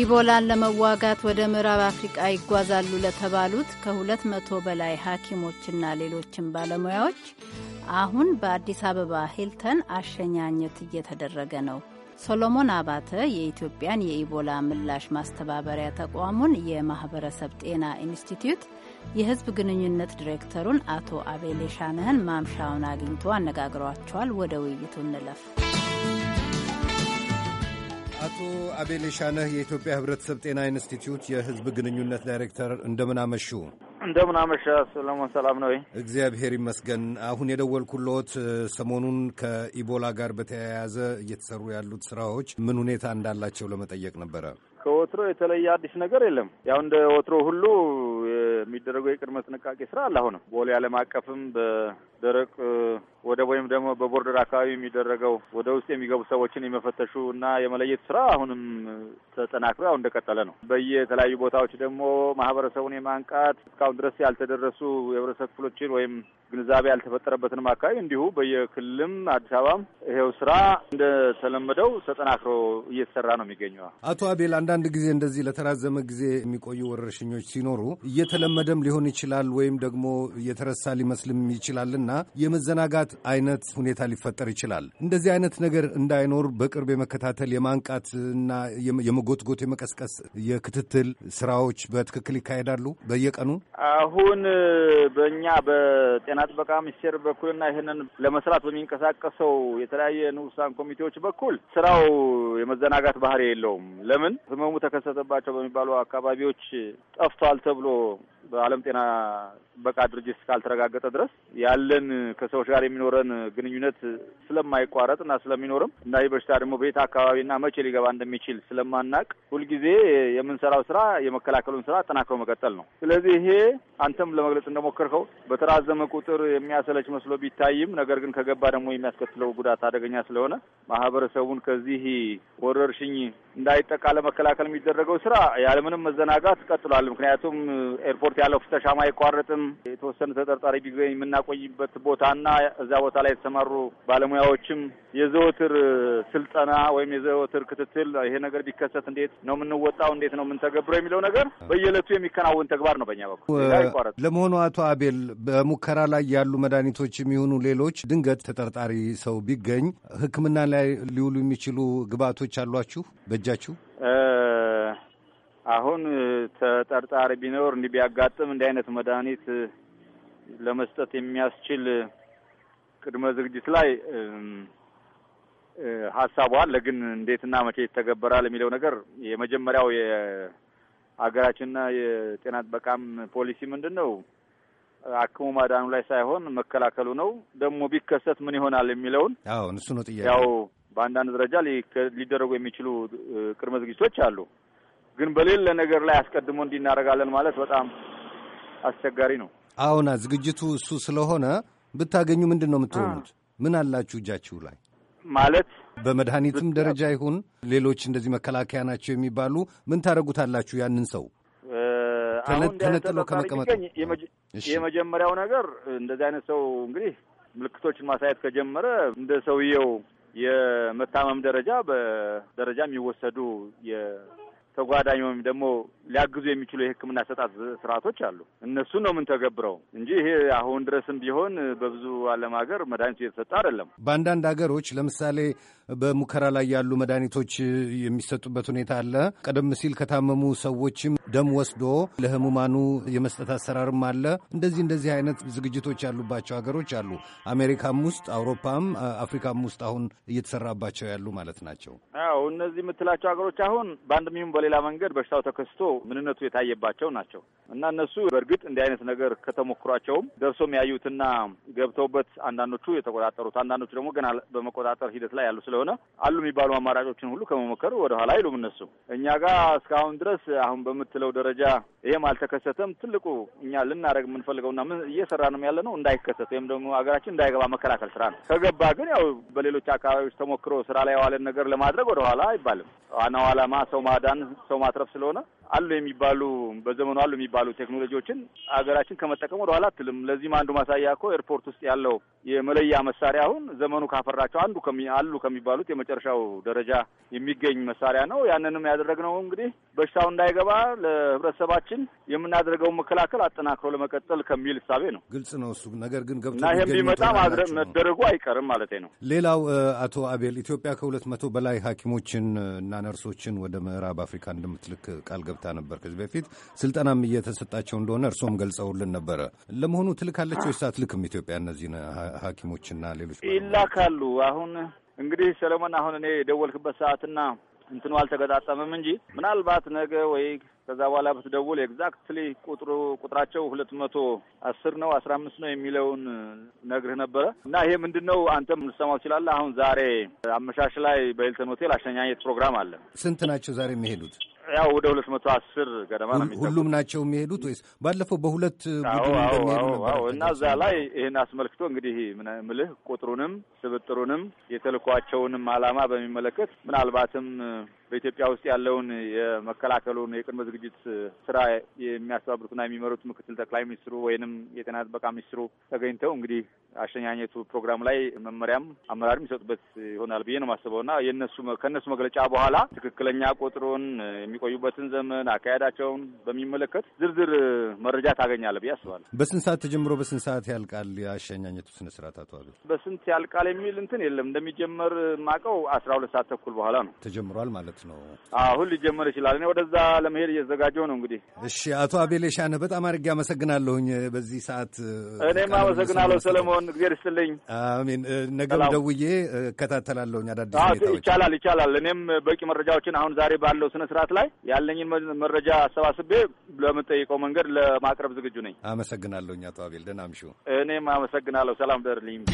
ኢቦላን ለመዋጋት ወደ ምዕራብ አፍሪቃ ይጓዛሉ ለተባሉት ከሁለት መቶ በላይ ሐኪሞችና ሌሎችም ባለሙያዎች አሁን በአዲስ አበባ ሂልተን አሸኛኘት እየተደረገ ነው። ሶሎሞን አባተ የኢትዮጵያን የኢቦላ ምላሽ ማስተባበሪያ ተቋሙን የማህበረሰብ ጤና ኢንስቲትዩት የህዝብ ግንኙነት ዲሬክተሩን አቶ አቤሌ ሻነህን ማምሻውን አግኝቶ አነጋግሯቸዋል። ወደ ውይይቱ እንለፍ። አቶ አቤሌ ሻነህ የኢትዮጵያ ህብረተሰብ ጤና ኢንስቲትዩት የህዝብ ግንኙነት ዳይሬክተር፣ እንደምን አመሹ? እንደምን አመሻ ሰለሞን፣ ሰላም ነው? እግዚአብሔር ይመስገን። አሁን የደወልኩልዎት ሰሞኑን ከኢቦላ ጋር በተያያዘ እየተሰሩ ያሉት ስራዎች ምን ሁኔታ እንዳላቸው ለመጠየቅ ነበረ። ከወትሮ የተለየ አዲስ ነገር የለም። ያው እንደ ወትሮ ሁሉ የሚደረገው የቅድመ ጥንቃቄ ስራ አለ። አሁንም ቦሌ ዓለም አቀፍም በደረቅ ወደብ ወይም ደግሞ በቦርደር አካባቢ የሚደረገው ወደ ውስጥ የሚገቡ ሰዎችን የመፈተሹ እና የመለየት ስራ አሁንም ተጠናክሮ ያው እንደቀጠለ ነው። በየተለያዩ ቦታዎች ደግሞ ማህበረሰቡን የማንቃት እስካሁን ድረስ ያልተደረሱ የህብረተሰብ ክፍሎችን ወይም ግንዛቤ ያልተፈጠረበትንም አካባቢ እንዲሁ በየክልልም አዲስ አበባም ይሄው ስራ እንደተለመደው ተጠናክሮ እየተሰራ ነው የሚገኘው። አቶ አቤል፣ አንዳንድ ጊዜ እንደዚህ ለተራዘመ ጊዜ የሚቆዩ ወረርሽኞች ሲኖሩ እየተለመደም ሊሆን ይችላል ወይም ደግሞ እየተረሳ ሊመስልም ይችላልና የመዘናጋት አይነት ሁኔታ ሊፈጠር ይችላል። እንደዚህ አይነት ነገር እንዳይኖር በቅርብ የመከታተል የማንቃትና የመጎትጎት የመቀስቀስ የክትትል ስራዎች በትክክል ይካሄዳሉ በየቀኑ አሁን በእኛ በጤና በጤና ጥበቃ ሚኒስቴር በኩልና ይህንን ለመስራት በሚንቀሳቀሰው የተለያየ ንዑሳን ኮሚቴዎች በኩል ስራው የመዘናጋት ባህሪ የለውም። ለምን ህመሙ ተከሰተባቸው በሚባሉ አካባቢዎች ጠፍቷል ተብሎ በዓለም ጤና ጥበቃ ድርጅት እስካልተረጋገጠ ድረስ ያለን ከሰዎች ጋር የሚኖረን ግንኙነት ስለማይቋረጥ እና ስለሚኖርም እና ይህ በሽታ ደግሞ በየት አካባቢና መቼ ሊገባ እንደሚችል ስለማናቅ ሁልጊዜ የምንሰራው ስራ የመከላከሉን ስራ አጠናክሮ መቀጠል ነው። ስለዚህ ይሄ አንተም ለመግለጽ እንደሞከርከው በተራዘመ ቁጥር የሚያሰለች መስሎ ቢታይም ነገር ግን ከገባ ደግሞ የሚያስከትለው ጉዳት አደገኛ ስለሆነ ማህበረሰቡን ከዚህ ወረርሽኝ እንዳይጠቃ ለመከላከል የሚደረገው ስራ ያለምንም መዘናጋት ቀጥሏል። ምክንያቱም ኤርፖርት ያለው ፍተሻ አይቋረጥም። በማቅረብም የተወሰነ ተጠርጣሪ ጊዜ የምናቆይበት ቦታና እዚያ ቦታ ላይ የተሰማሩ ባለሙያዎችም የዘወትር ስልጠና ወይም የዘወትር ክትትል ይሄ ነገር ቢከሰት እንዴት ነው የምንወጣው፣ እንዴት ነው የምንተገብረው የሚለው ነገር በየዕለቱ የሚከናወን ተግባር ነው በእኛ በኩል። ለመሆኑ አቶ አቤል በሙከራ ላይ ያሉ መድኃኒቶች የሚሆኑ ሌሎች ድንገት ተጠርጣሪ ሰው ቢገኝ ሕክምና ላይ ሊውሉ የሚችሉ ግብዓቶች አሏችሁ በእጃችሁ? አሁን ተጠርጣሪ ቢኖር እንዲህ ቢያጋጥም እንዲህ አይነት መድኃኒት ለመስጠት የሚያስችል ቅድመ ዝግጅት ላይ ሀሳቡ አለ። ግን እንዴትና መቼ ይተገበራል የሚለው ነገር የመጀመሪያው የሀገራችንና የጤና ጥበቃም ፖሊሲ ምንድን ነው አክሙ ማዳኑ ላይ ሳይሆን መከላከሉ ነው። ደግሞ ቢከሰት ምን ይሆናል የሚለውን እሱ ነው ጥያቄ። ያው በአንዳንድ ደረጃ ሊደረጉ የሚችሉ ቅድመ ዝግጅቶች አሉ። ግን በሌለ ነገር ላይ አስቀድሞ እንዲህ ማለት በጣም አስቸጋሪ ነው። አሁና ዝግጅቱ እሱ ስለሆነ ብታገኙ ምንድን ነው የምትሆኑት? ምን አላችሁ እጃችሁ ላይ ማለት በመድኃኒትም ደረጃ ይሁን ሌሎች እንደዚህ መከላከያ ናቸው የሚባሉ ምን ታደርጉታላችሁ? ያንን ሰው ተነጥሎ ከመቀመጥ የመጀመሪያው ነገር እንደዚህ አይነት ሰው እንግዲህ ምልክቶችን ማሳየት ከጀመረ እንደ ሰውየው የመታመም ደረጃ በደረጃ የሚወሰዱ ተጓዳኝ ወይም ደግሞ ሊያግዙ የሚችሉ የሕክምና ሰጣት ስርዓቶች አሉ። እነሱን ነው የምንተገብረው እንጂ ይሄ አሁን ድረስም ቢሆን በብዙ ዓለም ሀገር መድኃኒቱ እየተሰጠ አይደለም። በአንዳንድ ሀገሮች ለምሳሌ በሙከራ ላይ ያሉ መድኃኒቶች የሚሰጡበት ሁኔታ አለ። ቀደም ሲል ከታመሙ ሰዎችም ደም ወስዶ ለህሙማኑ የመስጠት አሰራርም አለ። እንደዚህ እንደዚህ አይነት ዝግጅቶች ያሉባቸው ሀገሮች አሉ። አሜሪካም ውስጥ አውሮፓም አፍሪካም ውስጥ አሁን እየተሰራባቸው ያሉ ማለት ናቸው። አዎ እነዚህ የምትላቸው ሀገሮች አሁን በአንድ ሚሁን በሌላ መንገድ በሽታው ተከስቶ ምንነቱ የታየባቸው ናቸው እና እነሱ በእርግጥ እንዲህ አይነት ነገር ከተሞክሯቸውም ደርሶም ያዩትና ገብተውበት አንዳንዶቹ የተቆጣጠሩት አንዳንዶቹ ደግሞ ገና በመቆጣጠር ሂደት ላይ ያሉ ስለሆነ አሉ የሚባሉ አማራጮችን ሁሉ ከመሞከር ወደኋላ አይሉም። እነሱ እኛ ጋር እስካሁን ድረስ አሁን በምትለው ደረጃ ይህም አልተከሰተም። ትልቁ እኛ ልናደረግ የምንፈልገውና ምን እየሰራ ነው ያለ ነው እንዳይከሰት ወይም ደግሞ ሀገራችን እንዳይገባ መከላከል ስራ ነው። ከገባ ግን ያው በሌሎች አካባቢዎች ተሞክሮ ስራ ላይ የዋለን ነገር ለማድረግ ወደኋላ አይባልም። ዋናው ዓላማ ሰው ማዳን፣ ሰው ማትረፍ ስለሆነ አሉ የሚባሉ በዘመኑ አሉ የሚባሉ ቴክኖሎጂዎችን ሀገራችን ከመጠቀም ወደ ኋላ አትልም። ለዚህም አንዱ ማሳያ እኮ ኤርፖርት ውስጥ ያለው የመለያ መሳሪያ አሁን ዘመኑ ካፈራቸው አንዱ አሉ ከሚባሉት የመጨረሻው ደረጃ የሚገኝ መሳሪያ ነው። ያንንም ያደረግነው እንግዲህ በሽታው እንዳይገባ ለህብረተሰባችን የምናደርገውን መከላከል አጠናክሮ ለመቀጠል ከሚል እሳቤ ነው። ግልጽ ነው እሱ ነገር ግን ገብቶ እና ይህም ቢመጣ መደረጉ አይቀርም ማለት ነው። ሌላው አቶ አቤል ኢትዮጵያ ከሁለት መቶ በላይ ሐኪሞችን እና ነርሶችን ወደ ምዕራብ አፍሪካ እንደምትልክ ቃል ገብ መታ ነበር ከዚህ በፊት ስልጠናም እየተሰጣቸው እንደሆነ እርሶም ገልጸውልን ነበረ። ለመሆኑ ትልካለች ወይስ አትልክም ኢትዮጵያ እነዚህን ሐኪሞችና ሌሎች ይላካሉ? አሁን እንግዲህ ሰለሞን፣ አሁን እኔ የደወልክበት ሰዓትና እንትኑ አልተገጣጠምም እንጂ ምናልባት ነገ ወይ ከዛ በኋላ ብትደውል ኤግዛክትሊ ቁጥሩ ቁጥራቸው ሁለት መቶ አስር ነው አስራ አምስት ነው የሚለውን ነግርህ ነበረ እና ይሄ ምንድን ነው አንተም ልሰማው ትችላለህ። አሁን ዛሬ አመሻሽ ላይ በሂልተን ሆቴል አሸኛኘት ፕሮግራም አለ። ስንት ናቸው ዛሬ የሚሄዱት? ያው ወደ ሁለት መቶ አስር ገደማ ነው። ሁሉም ናቸው የሚሄዱት ወይስ ባለፈው በሁለት ቡድን እንደሚሄዱ ነበር እና እዛ ላይ ይህን አስመልክቶ እንግዲህ ምልህ ቁጥሩንም ስብጥሩንም የተልኳቸውንም አላማ በሚመለከት ምናልባትም በኢትዮጵያ ውስጥ ያለውን የመከላከሉን የቅድመ ዝግጅት ስራ የሚያስተባብሩትና የሚመሩት ምክትል ጠቅላይ ሚኒስትሩ ወይንም የጤና ጥበቃ ሚኒስትሩ ተገኝተው እንግዲህ አሸኛኘቱ ፕሮግራም ላይ መመሪያም አመራር የሚሰጡበት ይሆናል ብዬ ነው የማስበውና የነሱ ከእነሱ መግለጫ በኋላ ትክክለኛ ቁጥሩን የሚቆዩበትን ዘመን አካሄዳቸውን በሚመለከት ዝርዝር መረጃ ታገኛለ ብዬ አስባለሁ። በስንት ሰዓት ተጀምሮ በስንት ሰዓት ያልቃል የአሸኛኘቱ ስነስርዓት? አቶ አሉ በስንት ያልቃል የሚል እንትን የለም። እንደሚጀመር ማቀው አስራ ሁለት ሰዓት ተኩል በኋላ ነው ተጀምሯል ማለት ነው? አሁን ሊጀመር ይችላል። እኔ ወደዛ ለመሄድ እየተዘጋጀው ነው። እንግዲህ እሺ፣ አቶ አቤል በጣም አድርጌ አመሰግናለሁኝ። በዚህ ሰዓት እኔም አመሰግናለሁ ሰለሞን፣ እግዜር ይስጥልኝ። አሜን። ነገም ደውዬ እከታተላለሁኝ አዳዲስ ይቻላል ይቻላል። እኔም በቂ መረጃዎችን አሁን ዛሬ ባለው ስነ ስርዓት ላይ ያለኝን መረጃ አሰባስቤ ለምጠይቀው መንገድ ለማቅረብ ዝግጁ ነኝ። አመሰግናለሁኝ አቶ አቤል። ደህና እምሹ። እኔም አመሰግናለሁ። ሰላም ደርልኝ።